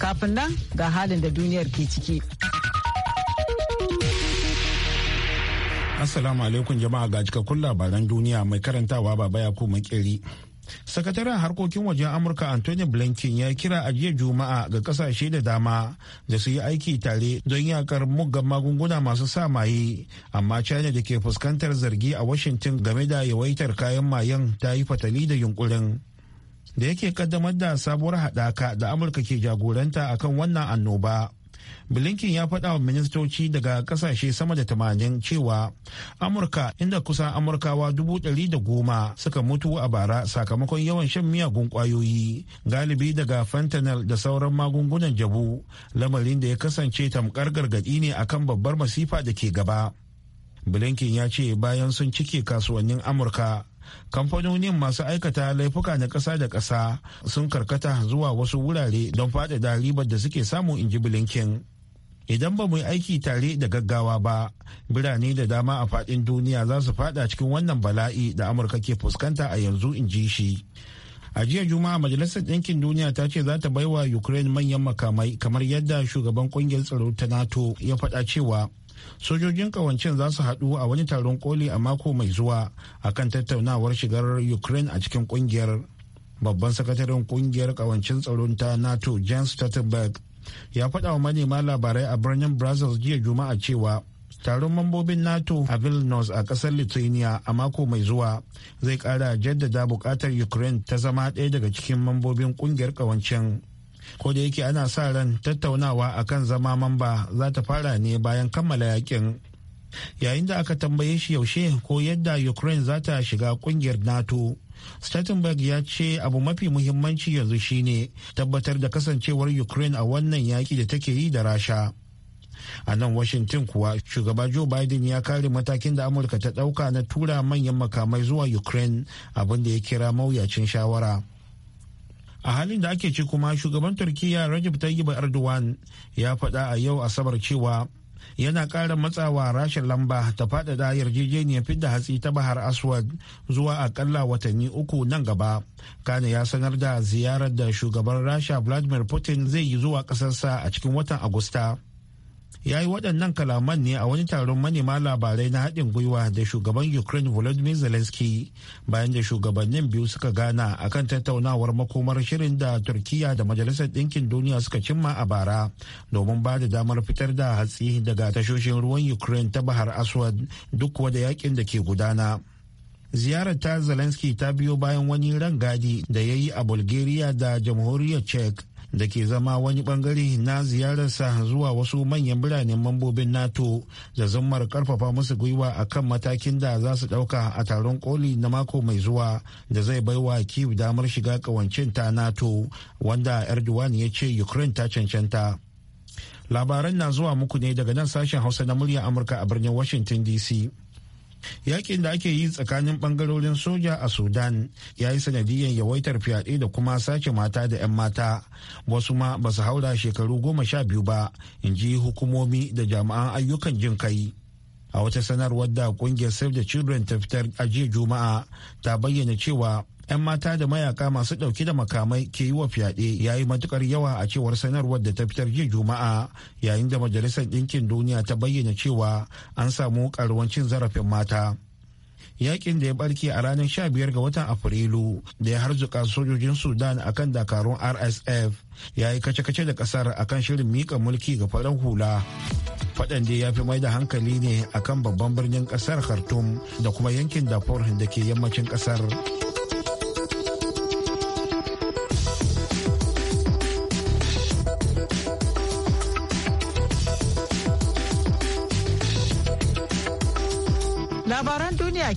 Kafin nan ga halin da duniyar ke ciki. Assalamu alaikum jama'a ga cikakkun labaran duniya mai karantawa baba ya ku makeri. sakataren harkokin wajen amurka anthony blinken ya kira a jiya juma'a ga kasashe da dama da su yi aiki tare don yakar muggan magunguna masu sa maye amma china da ke fuskantar zargi a washington game da yawaitar kayan mayen ta yi fatali da yunkurin da yake kaddamar da sabuwar haɗaka da amurka ke jagoranta akan wannan annoba blinken ya faɗa wa ministoci daga ƙasashe sama da tamanin cewa amurka inda kusa amurkawa dubu ɗari da goma suka mutu a bara sakamakon yawan shan miyagun ƙwayoyi galibi daga fentanyl da sauran magungunan jabu lamarin da ya kasance tamkar gargaɗi ne akan babbar masifa da ke gaba blinken ya ce bayan sun cike kasuwannin amurka kamfanonin masu aikata laifuka na ƙasa da ƙasa sun karkata zuwa wasu wurare don faɗaɗa ribar da suke samu in ji bilinkin idan ba mu yi aiki tare da gaggawa ba birane da dama a faɗin duniya za su faɗa cikin wannan bala'i da amurka ke fuskanta a yanzu in ji shi a jiya juma'a majalisar ɗinkin duniya ta ce za ta baiwa ukraine manyan makamai kamar yadda shugaban ƙungiyar tsaro ta nato ya faɗa cewa sojojin kawancin za su haɗu a wani taron koli a mako mai zuwa a kan tattaunawar shigar ukraine a cikin kungiyar babban sakataren kungiyar kawancin tsaron ta nato jens stoltenberg ya faɗa wa manema labarai a birnin brazil jiya juma'a cewa taron mambobin nato a vilnius a ƙasar lithuania a mako mai zuwa zai ƙara jaddada buƙatar ukraine ta zama ɗaya daga cikin mambobin ƙungiyar ƙawancin ko da yake ana sa ran tattaunawa a kan zama mamba za ta fara ne bayan kammala yakin yayin da aka tambaye shi yaushe ko yadda ukraine za ta shiga kungiyar nato Stoltenberg ya ce abu mafi muhimmanci yanzu shine tabbatar da kasancewar Ukraine a wannan yaki da take yi da Rasha. A nan Washington kuwa shugaba Joe Biden ya kare matakin da Amurka ta ɗauka na tura manyan makamai zuwa Ukraine abin da ya kira mawuyacin shawara. a halin da ake ci kuma shugaban turkiya rajab tayyip erdogan ya faɗa a yau asabar cewa yana ƙara matsawa rashin lamba ta faɗaɗa yarjejeniyar fidda hatsi ta bahar aswad zuwa akalla watanni uku nan gaba kana ya sanar da ziyarar da shugaban rasha vladimir putin zai yi zuwa ƙasarsa a cikin watan agusta ya yi waɗannan kalaman ne a wani taron manema labarai na haɗin gwiwa da shugaban ukraine volodymyr zelensky bayan da shugabannin biyu suka gana akan tattaunawar makomar shirin da turkiya da majalisar ɗinkin duniya suka cimma a bara domin ba da damar fitar da hatsi daga tashoshin ruwan ukraine ta bahar aswad duk wada yakin da ke gudana ziyarar ta zelensky ta biyo bayan wani rangadi da ya yi a bulgaria da jamhuriyar czech da ke zama wani bangare na ziyararsa zuwa wasu manyan biranen mambobin nato da zammar karfafa musu gwiwa a kan matakin da za su dauka a taron koli na mako mai zuwa da zai baiwa kiev damar shiga kawancin ta nato wanda erdogan ya ce ukraine ta cancanta labaran na zuwa muku ne daga nan sashen hausa na murya amurka a birnin washington dc yakin da ake yi tsakanin bangarorin soja a sudan ya yi sanadiyar yawaitar fyaɗe da kuma sace mata da 'yan mata wasu ma ba su haura shekaru goma sha biyu ba in ji hukumomi da jama'an ayyukan jin kai a wata sanarwar da kungiyar save the children ta fitar a juma'a ta bayyana cewa 'yan mata da mayaka masu ɗauke da makamai ke yi wa fyaɗe ya yi matukar yawa a cewar sanarwar da ta fitar jiya juma'a yayin da majalisar ɗinkin duniya ta bayyana cewa an samu karuwan cin zarafin mata yakin da ya barke a ranar sha biyar ga watan afrilu da ya harzuka sojojin sudan akan dakarun rsf ya yi kace-kace da kasar akan shirin mika mulki ga farar hula faɗan da ya fi mai da hankali ne akan babban birnin kasar khartoum da kuma yankin dafur da ke yammacin kasar.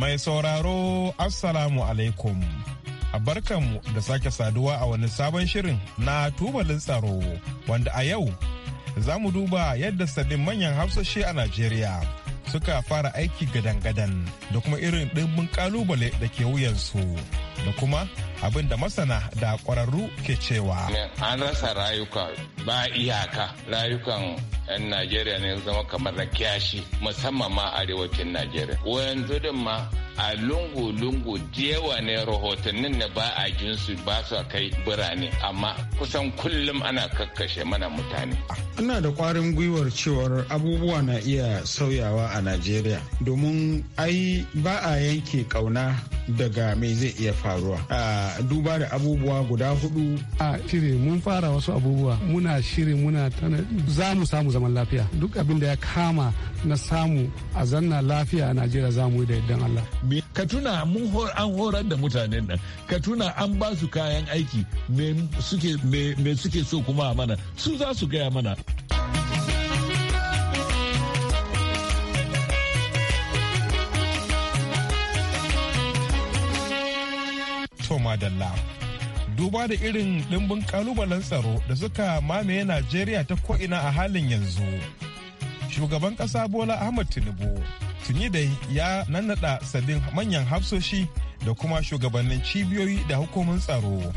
Mai sauraro Assalamu alaikum. a Barkanmu da sake saduwa a wani sabon shirin na tubalin tsaro wanda a yau za mu duba yadda sabbin manyan hafsashi a Najeriya suka fara aiki gadan-gadan da kuma irin ɗimbin kalubale da ke wuyansu. da kuma abin da masana da ƙwararru ke cewa. An rasa rayuka ba iyaka rayukan 'yan Najeriya ne zama kamar na kyashi musamman ma arewacin Najeriya. wayan din ma a lungu-lungu jewa ne rahotannin na ba a jinsu ba su kai birane amma kusan kullum ana kakkashe mana mutane. Ina da kwarin gwiwar cewar abubuwa na iya sauyawa a Najeriya domin ai ba a yanke kauna daga mai zai iya faru. faruwa duba da abubuwa guda hudu a shiri mun fara wasu abubuwa muna shiri muna tana. za mu samu zaman lafiya duk abin da ya kama na samu a zanna lafiya a najeriya za mu yi da yardan allah ka tuna mun an horar da mutanen nan ka tuna an ba su kayan aiki me suke so kuma a mana su za su gaya mana dalla. Duba da irin ɗimbin kalubalen tsaro da suka mamaye Najeriya ta ko'ina a halin yanzu. Shugaban ƙasa Bola Ahmad Tinubu tuni da ya nannaɗa sabbin manyan hafsoshi da kuma shugabannin cibiyoyi da hukumin tsaro.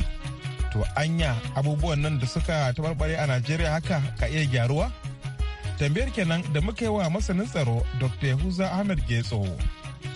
To anya abubuwan nan da suka tabarbare a Najeriya haka ka iya gyaruwa? Tambayar kenan da muka yi wa masanin tsaro Dr. Yahuza Ahmed Getso.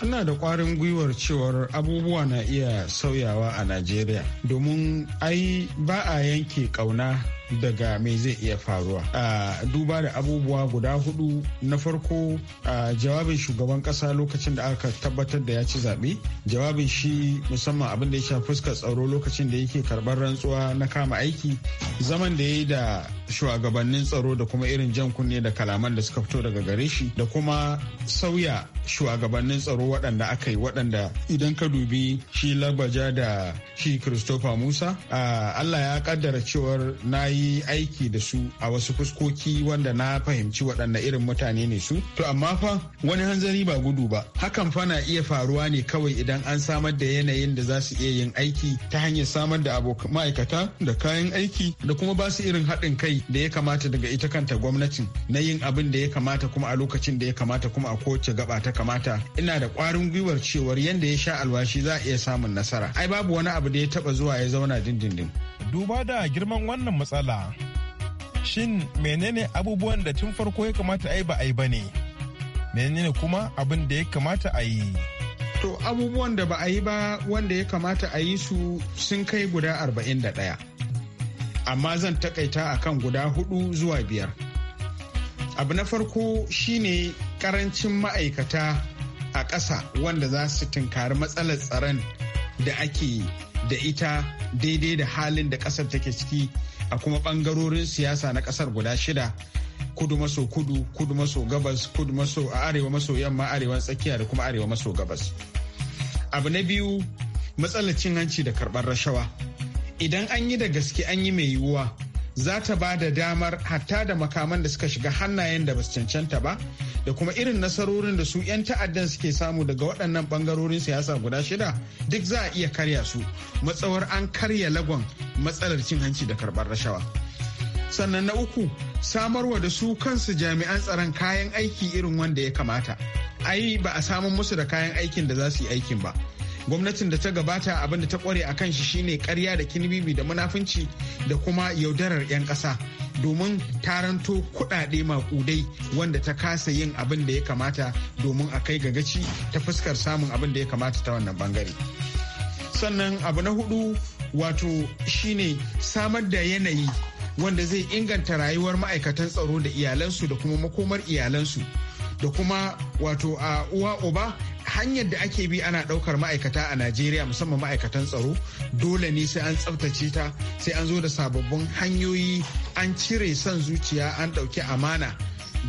Ana da kwarin gwiwar cewar abubuwa na iya sauyawa a Najeriya domin ai ba a yanke kauna daga mai zai iya faruwa. A duba da abubuwa guda hudu na farko a jawabin shugaban ƙasa lokacin da aka tabbatar da ya ci zaɓe, jawabin shi musamman abin da ya sha fuskar tsaro lokacin da yake karɓar rantsuwa na kama aiki, zaman da ya yi da shugabannin tsaro da kuma irin jan kunne da kalaman da suka fito daga gare shi da kuma sauya shugabannin tsaro waɗanda aka yi waɗanda idan ka dubi shi labaja da shi christopher musa allah ya kaddara cewar na yi aiki da su a wasu fuskoki wanda na fahimci waɗanda irin mutane ne su to amma fa wani hanzari ba gudu ba hakan fa na iya faruwa ne kawai idan an samar da yanayin da za su iya yin aiki ta hanyar samar da abokan ma'aikata da kayan aiki da kuma ba su irin haɗin kai da ya kamata daga ita kanta gwamnatin na yin abin da ya kamata kuma a lokacin da ya kamata kuma a kowace gaba ta kamata ina da kwarin gwiwar cewar yadda ya sha alwashi za a iya samun nasara ai babu wani abu da ya taba zuwa ya zauna dindindin duba da girman wannan matsala shin menene abubuwan da tun farko ya kamata ai ba ai ba ne menene kuma abin da ya kamata a yi to abubuwan da ba a yi ba wanda ya kamata a yi su sun kai guda arba'in da 41 amma zan takaita kan guda hudu zuwa biyar. Abu na farko shine karancin ma'aikata a ƙasa wanda za su tunkari matsalar tsaron da ake da ita daidai da halin da ƙasar take ciki a kuma ɓangarorin siyasa na ƙasar guda shida kudu maso kudu kudu maso gabas kudu maso a arewa maso yamma arewa tsakiya da kuma arewa maso gabas abu na biyu matsalar cin hanci da karɓar rashawa idan an yi da gaske an yi mai yiwuwa za ta ba da damar hatta da makaman da suka shiga hannayen da basu cancanta ba da kuma irin nasarorin da su 'yan ta'addan suke samu daga waɗannan ɓangarorin siyasa guda shida duk za a iya karya su matsawar an karya lagon matsalar cin hanci da karɓar rashawa sannan na uku samarwa da su kansu jami'an tsaron kayan aiki irin wanda ya kamata ai ba a samun musu da kayan aikin da za su yi aikin ba gwamnatin da ta gabata abin da ta kware a kan shi shine karya da kinibibi da munafunci da kuma yaudarar 'yan kasa. domin taranto kuɗaɗe maƙudai wanda ta kasa yin abin da ya kamata domin a kai gagaci ta fuskar samun abin da ya kamata ta wannan bangare sannan abu na hudu wato shine samar da yanayi wanda zai inganta rayuwar ma'aikatan tsaro da iyalansu da kuma makomar iyalansu da kuma wato a uwa uba hanyar da ake bi ana ɗaukar ma'aikata a najeriya musamman ma'aikatan tsaro dole ne sai an tsaftace ta sai an zo da sababbin hanyoyi an cire son zuciya an ɗauki amana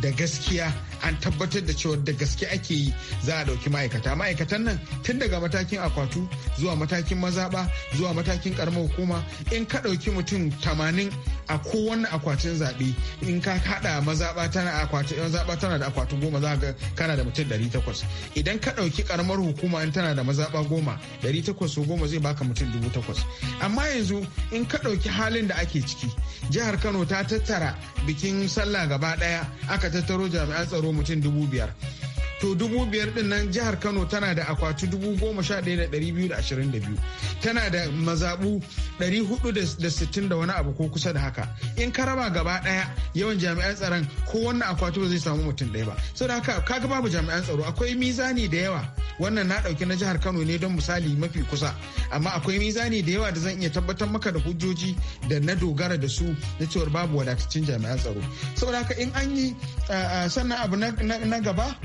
da gaskiya an tabbatar da cewa da gaske ake yi za a ɗauki ma'aikata ma'aikatan nan tun daga matakin akwatu zuwa matakin mazaɓa zuwa matakin karamar hukuma in ka ɗauki mutum tamanin a kowane akwatin zaɓe in ka haɗa mazaɓa tana akwatin zaba tana da akwatin goma za ga kana da mutum ɗari takwas idan ka ɗauki karamar hukuma in tana da mazaɓa goma ɗari takwas ko goma zai baka mutum dubu takwas amma yanzu in ka ɗauki halin da ake ciki jihar kano ta tattara bikin sallah gaba ɗaya aka tattaro jami'an tsaro mutum dubu biyar to dubu biyar din nan jihar kano tana da akwati dubu goma sha ɗaya da ɗari biyu da ashirin da biyu tana da mazaɓu ɗari hudu da sittin da wani abu ko kusa da haka in ka raba gaba ɗaya yawan jami'an tsaron ko wannan akwati ba zai samu mutum ɗaya ba Sau da haka kaga babu jami'an tsaro akwai mizani da yawa wannan na ɗauki na jihar kano ne don misali mafi kusa amma akwai mizani da yawa da zan iya tabbatar maka da hujjoji da na dogara da su na cewar babu wadataccen jami'an tsaro saboda haka in an yi sannan abu na gaba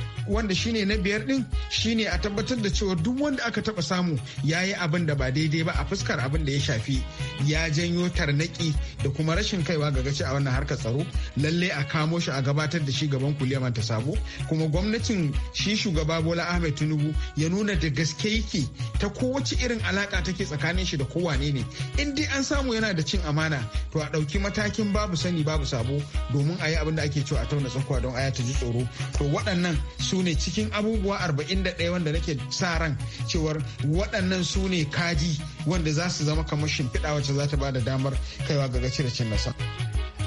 wanda shine na biyar din shine a tabbatar da cewa duk wanda aka taba samu ya yi abin da ba daidai ba a fuskar abin da ya shafi ya janyo tarnaki da kuma rashin kaiwa ga gaci a wannan harkar tsaro lalle a kamo shi a gabatar da shi gaban kuliyar ta sabo kuma gwamnatin shi shugaba bola ahmed tinubu ya nuna da gaske yake ta kowace irin alaka take tsakanin shi da kowane ne in dai an samu yana da cin amana to a ɗauki matakin babu sani babu sabo domin a yi abin da ake cewa a tauna tsakuwa don aya ta ji tsoro to waɗannan su ne cikin abubuwa arba'in da 41 wanda nake sa ran cewar waɗannan su ne kaji wanda za su zama kamar shimfiɗa wacce za ta ba da damar kaiwa ga gaci da cin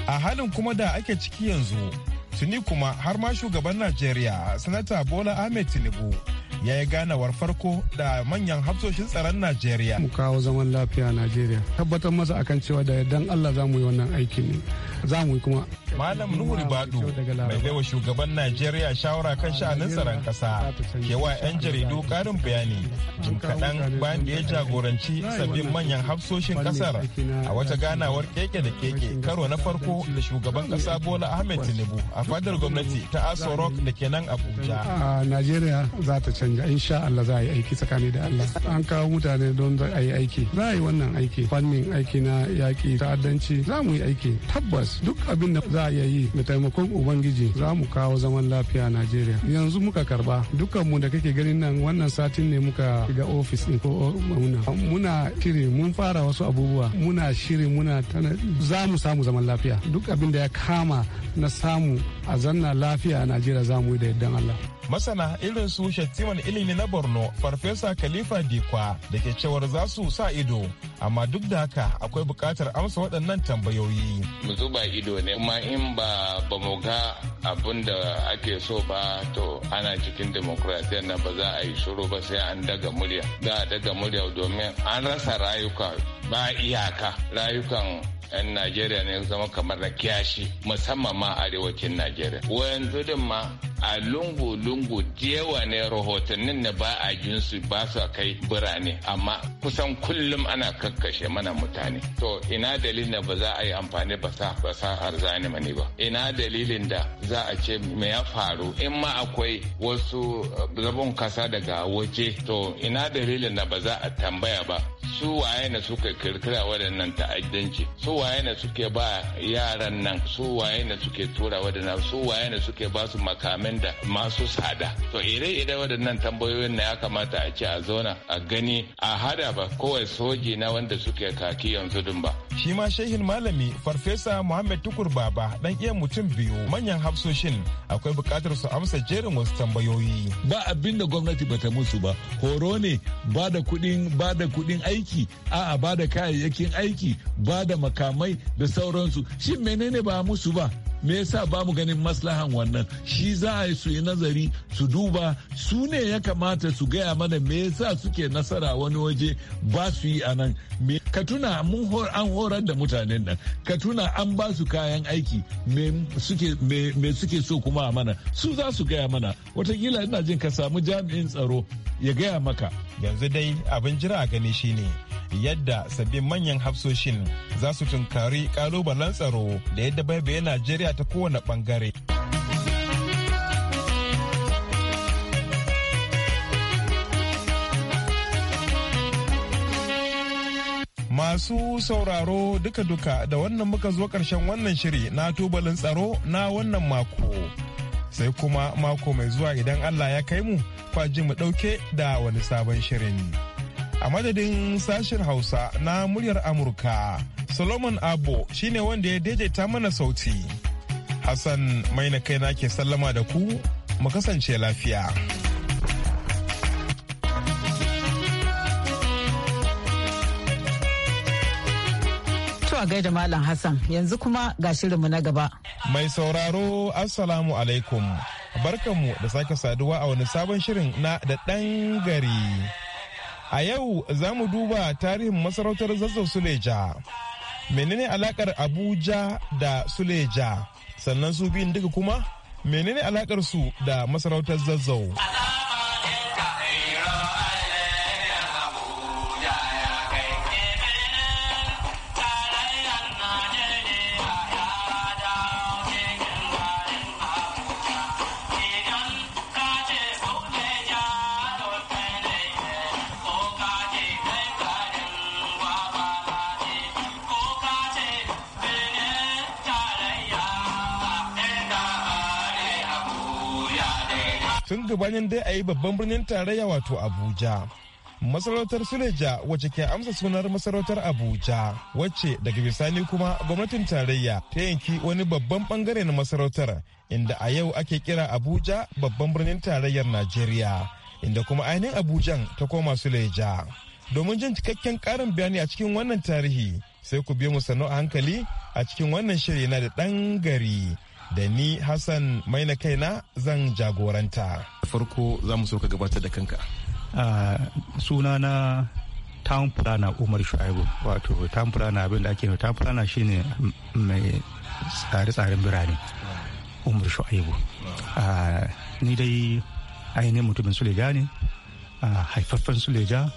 A halin kuma da ake ciki yanzu, tuni kuma har ma shugaban Najeriya, Sanata Bola Ahmed Tinubu ya yi ganawar farko da manyan hafsoshin tsaron Najeriya. Mu kawo zaman lafiya a Najeriya. Tabbatar masa akan cewa da yardan Allah za mu yi wannan aiki ne. za mu yi kuma. Malam Nuhuri Bado mai baiwa shugaban Najeriya shawara kan sha'anin tsaron kasa ke wa 'yan jaridu karin bayani jim kaɗan bayan da ya jagoranci sabbin manyan hafsoshin ƙasar a wata ganawar keke da keke karo na farko da shugaban kasa Bola Ahmed Tinubu a fadar gwamnati ta Aso Rock da ke nan Abuja. A Najeriya za ta canja insha Allah za a yi aiki tsakani da Allah. An kawo mutane don a yi aiki. Za a yi wannan aiki fannin aiki na yaƙi ta'addanci za mu yi aiki tabbas tabbas duk abin da za a iya yi da taimakon ubangiji za mu kawo zaman lafiya a Najeriya yanzu muka karba dukkan mu da kake ganin nan wannan satin ne muka shiga ofis ɗin ko oh, muna muna shiri mun fara wasu abubuwa muna shiri muna tana za mu samu zaman lafiya duk abin da ya kama na samu a zanna lafiya a Najeriya za mu yi da yardan Allah masana irin su shattiman ilimi na borno farfesa kalifa dikwa da ke cewar za su sa ido amma duk da haka akwai bukatar amsa waɗannan tambayoyi mu zuba ido ne kuma in ba ba mu ga abin da ake so ba to ana cikin demokrasiyyar na ba za a yi shuru ba sai an daga murya za a daga murya domin an rasa rayuka ba iyaka rayukan 'yan Najeriya ne zama kamar na kiyashi musamman ma arewacin Najeriya. Wanzu din ma a lungu-lungu jewa ne rahotannin na ba a jinsu ba su kai birane amma kusan kullum ana kakkashe mana mutane. To ina dalilin da ba za a yi amfani ba ba sa sa fasahar mani ba. Ina dalilin da za a ce me ya faru in ma akwai wasu eh, zabon kasa daga waje to ina dalilin da ba za a tambaya ba su waye ne suka kirkira waɗannan ta'addanci su waye ne suke ba yaran nan su waye ne suke tura waɗannan su waye ne suke ba su makamin da masu sada to ire-ire waɗannan tambayoyin na ya kamata a ce a zauna a gani a hada ba kowai soji na wanda suke kaki yanzu din ba shi ma shehin malami farfesa muhammad tukur baba dan iya mutum biyu manyan hafsoshin akwai bukatar su amsa jerin wasu tambayoyi ba abin da gwamnati bata musu ba horo ne ba da kudin ba da kudin aiki a'a ba da kayayyakin aiki ba da makamai da sauransu shin menene ba musu ba me yasa ba mu ganin maslahan wannan shi za a yi su yi nazari su duba su ne ya kamata su gaya mana me yasa suke nasara wani waje ba su yi a nan ka tuna mun an horar da mutanen nan ka tuna an ba su kayan aiki me suke so kuma a mana su za su gaya mana watakila ina jin ka samu jami'in tsaro ya gaya maka yanzu dai abin jira a gani shine yadda sabbin manyan hafsoshin za su tunkari kalubalen tsaro da yadda bai Najeriya lafiya ta kowane bangare. Masu sauraro duka-duka da wannan muka zo ƙarshen wannan shiri na tubalin tsaro na wannan mako. Sai kuma mako mai zuwa idan Allah ya kai mu kwaji mu ɗauke da wani sabon shirin. A madadin sashen Hausa na muryar Amurka, Solomon Abo shine wanda ya daidaita mana sauti. Hassan mai na kaina ke sallama da ku mu kasance lafiya. a gaida Malam Hassan yanzu kuma ga shirinmu na gaba. Mai sauraro Assalamu alaikum. Barkanmu da sake saduwa a wani sabon shirin na da ɗan gari. A yau za mu duba tarihin masarautar zazzau Suleja menene alakar abuja da suleja sannan su biyun duka kuma menene alakar su da masarautar zazzau gabanin dai a yi babban birnin tarayya wato abuja masarautar suleja wacce ke amsa sunar masarautar abuja wacce daga bisani kuma gwamnatin tarayya ta yanki wani babban bangare na masarautar inda a yau ake kira abuja babban birnin tarayyar najeriya inda kuma ainihin abujan ta koma suleja domin jin cikakken karin bayani a cikin wannan tarihi sai ku biyo mu sannu a hankali a cikin wannan shiri na da ɗan gari da ni Hassan maina kaina zan jagoranta. Farko za mu so ka gabatar da kanka. Suna na town planner Umar Shu'aibu wato town planner abin da ake yi town planner shine mai tsare-tsaren birane Umar Shu'aibu. Ni dai ainihin mutumin Suleja ne, haifaffen Suleja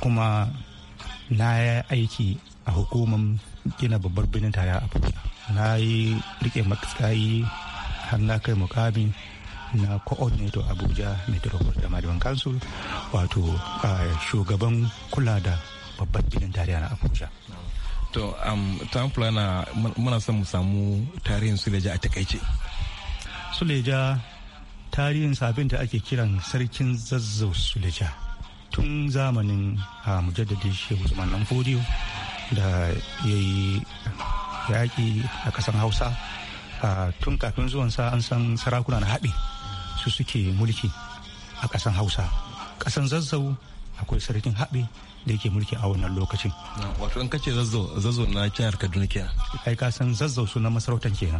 kuma na aiki a hukumar gina babbar birnin tare a Abuja. na yi rike matsayi har na kai mukamin na coordinator abuja metropolitan madiban council wato shugaban kula da babban filin tarayya na abuja to town planner muna son mu samu tarihin suleja a takaice suleja tarihin sabin da ake kiran sarkin zazzau suleja tun zamanin a mujaddadi shehu usman fodiyo da ya yi yaƙi a kasan hausa tun kafin zuwan sa an san sarakuna na haɓe su suke mulki a kasan hausa kasan zazzau akwai sarkin haɓe da yake mulki a wannan lokacin. Wato in kace zazzau zazzau na jihar Kaduna kenan. Ai ka san zazzau sunan masarautar kenan.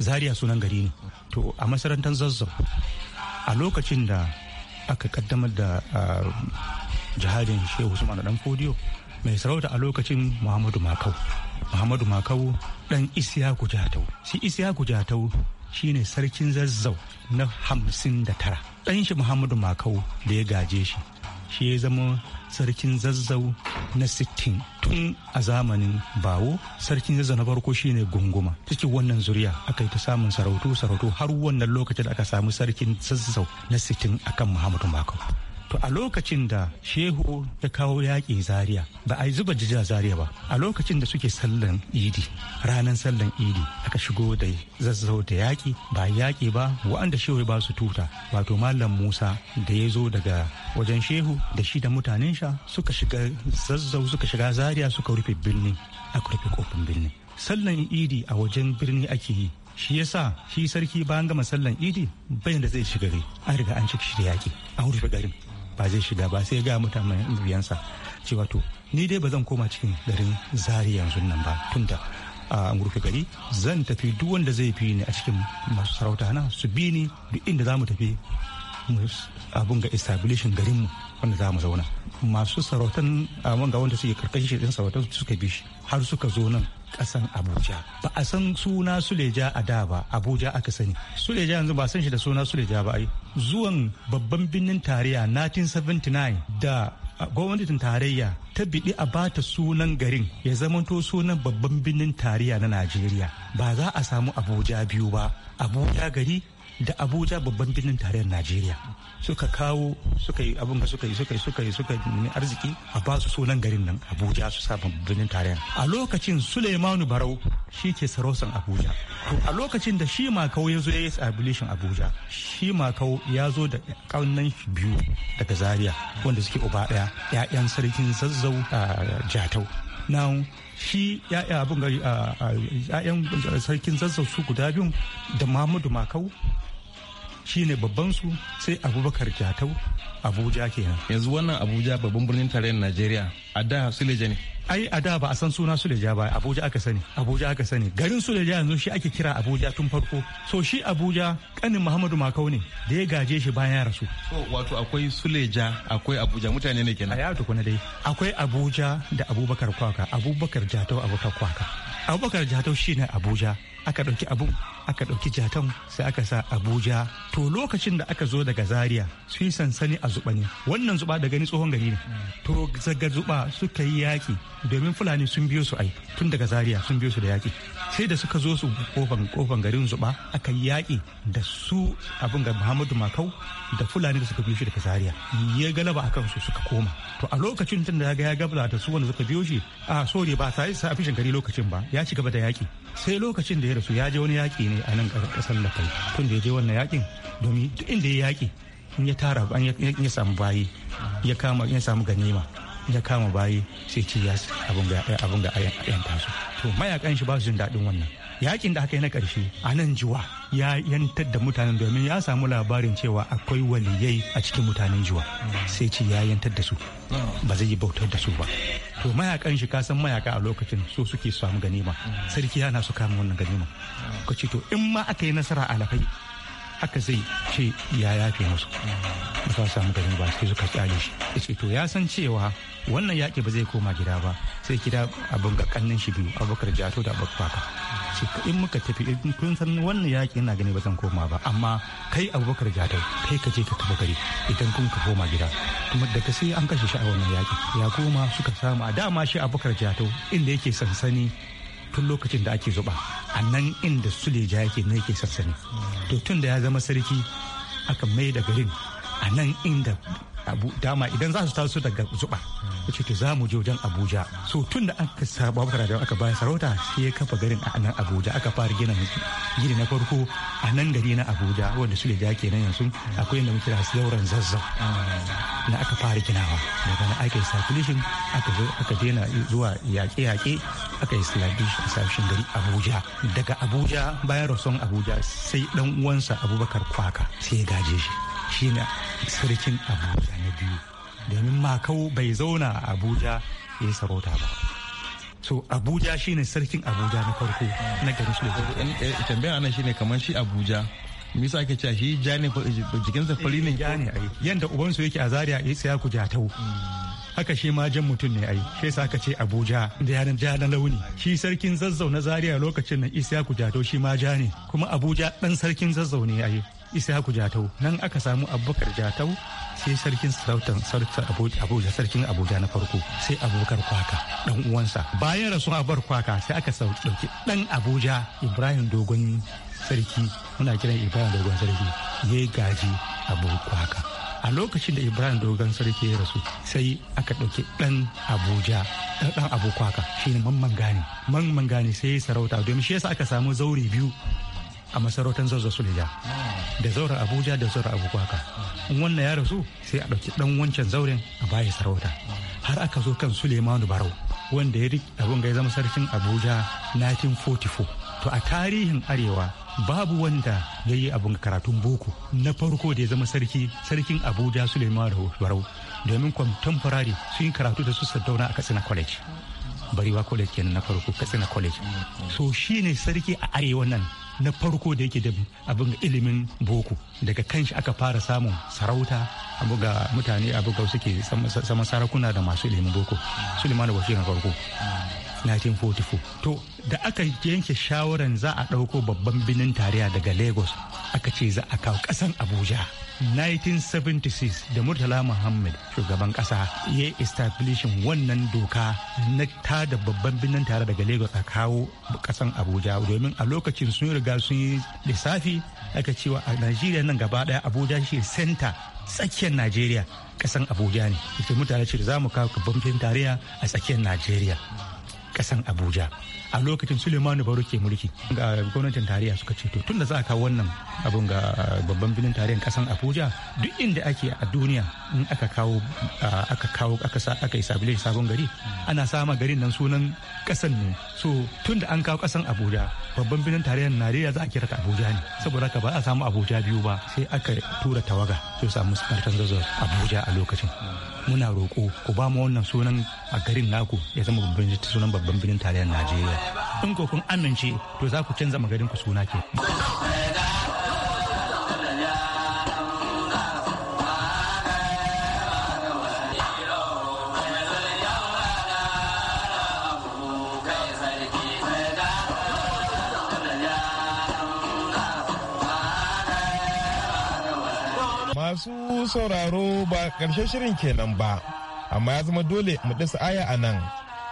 Zaria sunan gari ne. To a masarautar zazzau a lokacin da aka kaddamar da jihadin Shehu Usman Dan Fodiyo mai sarauta a lokacin Muhammadu Makau. muhammadu makau ɗan isiyaku kujatau shi isiyaku jatau shine sarkin zazzau na hamsin da tara ɗan shi muhammadu makau da ya gaje shi shi ya zama sarkin zazzau na sittin tun a zamanin bawo sarkin zazzau na farko shine gunguma cikin wannan zuriya aka yi ta samun sarautu sarautu har wannan lokacin aka samu sarkin zazzau na sittin akan muhammadu makau to a lokacin da shehu ya kawo yakin zaria ba a yi zuba jija zaria ba a lokacin da suke sallan idi ranar sallan idi aka shigo da zazzau da yaki ba yaki ba wa'anda shehu ba su tuta wato malam musa da ya zo daga wajen shehu da shi da mutanen sha suka shiga zazzau suka shiga zaria suka rufe birni aka rufe kofin birni sallan idi a wajen birni ake yi shi yasa shi sarki bayan gama sallan idi bayan da zai shiga gari an riga an cika shi da yaki an rufe garin ba zai shiga ba sai ga mutane biyansa cewa to ni dai ba zan koma cikin garin zari yanzu nan ba tunda a an rufe gari zan tafi duk wanda zai fi ni a cikin masu sarauta na su bi ni duk inda za mu tafi abun ga establishin garinmu wanda za mu zauna masu sarautan wanga wanda suke karkashin shirin sarautan suka bi shi har suka zo nan kasan abuja ba a san suna suleja a da ba abuja aka sani suleja yanzu ba san shi da suna suleja ba ai zuwan babban birnin tarayya 1979 da gwamnatin tarayya ta biɗi a bata sunan garin ya zamanto sunan babban birnin tarayya na najeriya ba za a samu abuja biyu ba abuja gari da abuja babban birnin tarayyar najeriya suka kawo suka yi abin da suka yi suka yi suka yi suka yi arziki a ba su sunan garin nan abuja su sa babban tarayyar a lokacin suleimanu barau shi ke sarausan abuja to a lokacin da shi makau ya zo ya yi abuja shi makau ya zo da kaunan biyu daga zaria wanda suke uba daya ya'yan sarkin zazzau a jatau now shi ya'ya abin gari 'ya'yan sarkin zazzau su guda biyun da Mamudu makau shine babban su sai abubakar kyatau abuja kenan yanzu wannan abuja babban birnin tarayyar najeriya a da suleja ne ai a da ba a san suna suleja ba abuja aka sani abuja aka sani garin suleja yanzu shi ake kira abuja tun farko so shi abuja kanin muhammadu makau ne da ya gaje shi bayan ya rasu so wato akwai suleja akwai abuja mutane ne kenan a ya tukuna dai akwai abuja da abubakar kwaka abubakar jatau abubakar kwaka abubakar jatau shine abuja aka ɗauki abu aka ɗauki jatan sai aka sa abuja to lokacin da aka zo daga zaria su yi sansani a zuba ne wannan zuba da gani tsohon gari ne to zaga zuba suka yi yaƙi domin fulani sun biyo su ai tun daga zaria sun biyo su da yaƙi sai da suka zo su kofan kofan garin zuba aka yi yaƙi da su abin ga muhammadu makau da fulani da suka biyo shi daga zaria ya galaba akan su suka koma to a lokacin tun da ya gabla da su wanda suka biyo shi a sori ba ta yi sa fishin gari lokacin ba ya ci gaba da yaƙi sai lokacin da ya rasu ya je wani yaƙi ne ne a nan kasar da kai tun da ya je wannan yakin domin duk inda ya yaki in ya tara ya samu bayi ya kama ya samu ganima ya kama bayi sai ci ya abin ga abin ga ayan to mayakan shi ba su jin daɗin wannan yakin da aka yi na ƙarshe a nan juwa ya yantar da mutanen domin ya samu labarin cewa akwai waliyai a cikin mutanen juwa sai ce ya yantar da su ba zai yi bautar da su ba to mayakan shi ka san mayaka a lokacin so suke samu ganima sarki yana su kama wannan ganima ka ce to in ma aka yi nasara a lafai haka zai ce ya yafe musu ba za samu ganin ba sai suka tsale shi ya ce to ya san cewa wannan yaƙi ba zai koma gida ba sai gida abin ga kannin shi biyu abubakar jato da abubakar in muka tafi kun san wannan yaƙi ina gani ba zan koma ba amma kai abubakar jatau kai ka je ka tafi gari idan kun ka koma gida kuma daga sai an kashe shi a wannan yaƙi ya koma suka samu a dama shi abubakar jatau inda yake sansani tun lokacin da ake zuba a nan inda suleja yake na yake sansani to tun da ya zama sarki aka mai da garin a nan inda abu dama idan za su taso daga zuba ya ce to za mu je wajen abuja so tun da aka saba wata rajawa aka bayan sarauta sai ya kafa garin a nan abuja aka fara gina gini na farko a nan gari na abuja wanda su da kenan yanzu akwai yadda muke da zauren zazzau ah. na aka fara ginawa daga na aka yi circulation aka zo daina zuwa yaƙe-yaƙe aka yi slashin gari abuja daga abuja bayan rason abuja sai dan uwansa abubakar kwaka sai ya gaje shi shine sarkin abuja na biyu domin makau bai zauna a abuja ya yi sarauta ba so abuja shine sarkin abuja na farko na garin su eh, eh, eh, tambaya nan shine kamar shi abuja me yasa ake cewa shi jani ne jikinsa fari ne jani ne ai yanda ubansu yake a zaria ya tsaya ku jatau haka shi ma jan mutum ne ai shi yasa aka ce abuja da ya ja na launi shi sarkin zazzau na zaria lokacin nan isa ku jatau shi ma ja ne kuma abuja dan sarkin zazzau ne ai isaku Jatau nan aka samu Abubakar Jatau sai sarkin sarautan sarkin Abuja na farko sai Abubakar Kwaka dan uwansa bayan rasu Abubakar Kwaka sai aka sauke dan Abuja Ibrahim Dogon sarki muna kiran Ibrahim Dogon sarki ya gaji Abubakar Kwaka a lokacin da Ibrahim Dogon sarki ya rasu sai aka dauke dan Abuja dan dan Abu Kwaka shine mamman gane mamman gane sai sarauta domin shi yasa aka samu zauri biyu a masarautar zazzau sulija da zaura abuja da zaura abubakar in wannan ya rasu sai a ɗauki ɗan wancan zauren a baya sarauta har aka zo kan sulemanu barau wanda ya abin ga ya zama sarkin abuja 1944 to a tarihin arewa babu wanda ya yi abin karatun boko na farko da ya zama sarki sarkin abuja sulemanu barau domin contemporary sun karatu da su sadauna a katsina college barewa college kenan na farko katsina college so shine sarki a arewa nan na farko da yake da abin ilimin boko daga kan shi aka fara samun sarauta abu ga mutane abu ga suke sama sarakuna da masu ilimin boko suleiman bashir na farko 1944 to da aka yanke shawaran za a ɗauko babban binin tarayya daga lagos aka ce za a kawo ƙasan abuja 1976 da murtala muhammad shugaban ƙasa ya yi establishin wannan doka na tada babban binin tare daga lagos a kawo ƙasan abuja domin a lokacin sun riga sun yi lissafi aka cewa a najeriya nan gaba daya abuja shi center tsakiyar najeriya ƙasan abuja ne ita mutane ce za mu kawo babban binin tarayya a tsakiyar najeriya kasan abuja a lokacin sulemanu baro ke mulki ga gwamnatin tarayya suka ce to tun da za a kawo wannan abun ga ah, babban birnin tarayyan kasan abuja duk inda ake a duniya in aka kawo ah, aka kawo aka yi sabon gari ana sama garin nan sunan kasan ne so tun da an kawo kasan abuja babban birnin tarayyan najeriya za a kira ta abuja ne saboda ka ba a samu abuja biyu ba sai aka tura tawaga su samu spartan zazzau abuja a lokacin muna roko ku ba mu wannan sunan a garin naku ya zama babban sunan babban birnin tarayyar najeriya in ko kun amince to za ku canza magarin ku suna ke masu sauraro ba ƙarshen shirin kenan ba amma ya zama dole mu dasa aya a nan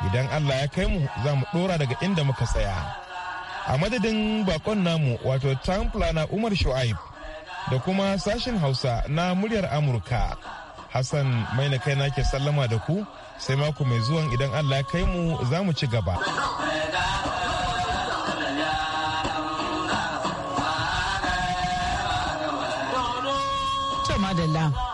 idan allah ya kai mu za mu ɗora daga inda muka tsaya a madadin bakon namu wato town na umar shu'aib da kuma sashen hausa na muryar amurka hassan mai na kai ke sallama da ku sai mako mai zuwan idan allah ya kai mu za mu ci gaba madalla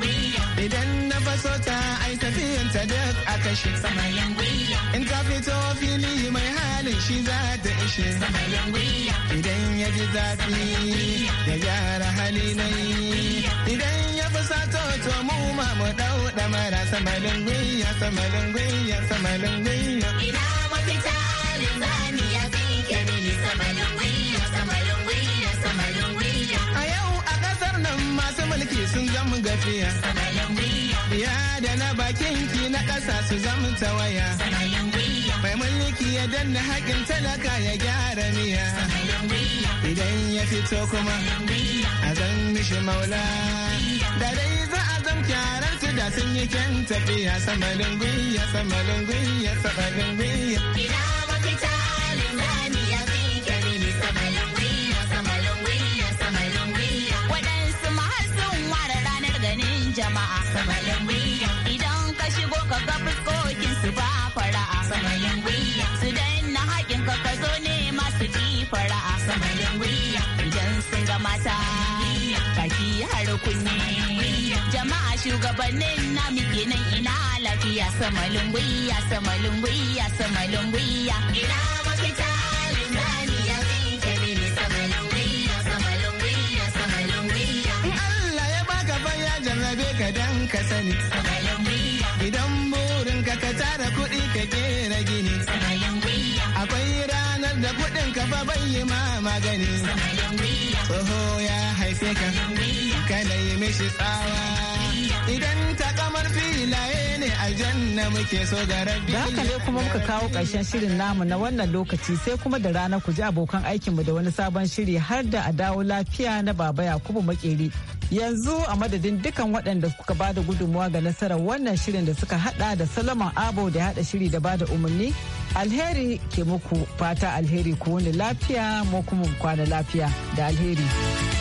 Idan na faso ta ai tafiyan ta duk a kashe. sama In ta fito fili mai halin shi za ta ishe. sama Idan ya ji zafi ya gyara hali na yi. Idan ya fi sato to mu ma mu dau marasa sama sama sama Ina mafita ne ki sun zama gafiya ya da na bakin ki na ƙasa su zama tawaya mai mulki ya danna haƙin talaka ya gyara miya idan ya fito kuma a zan mishi maula da dai za a zan kyaran su da sun yi kyan tafiya samalin gwiya samalin gwiya samalin gwiya jama'a samayin wuya idan ka shigo ka ga fuskokin su ba fara'a samayin wuya su danna haƙin ka ka zo ne masu ji fara'a samayin wuya idan sun ga mata kaki har kunni jama'a shugabannin na muke nan ina lafiya samalin wuya samalin wuya samalin wuya. ina ka sani idan burin ka ka tara kuɗi ka kera gini akwai ranar da kuɗin ka fa bai ma magani oho ya haife ka kana yi mishi tsawa idan ta kamar filaye ne janna muke so da da haka ne kuma muka kawo ƙarshen shirin namu na wannan lokaci sai kuma da rana ku ji abokan aikinmu da wani sabon shiri har da a dawo lafiya na baba yakubu makeri yanzu a madadin dukan waɗanda suka ba da gudunmuwa ga nasarar wannan shirin da suka hada da salama abo da hada shiri da ba da umarni alheri ke muku fata alheri ku wani lafiya mu kuma kwana lafiya da alheri.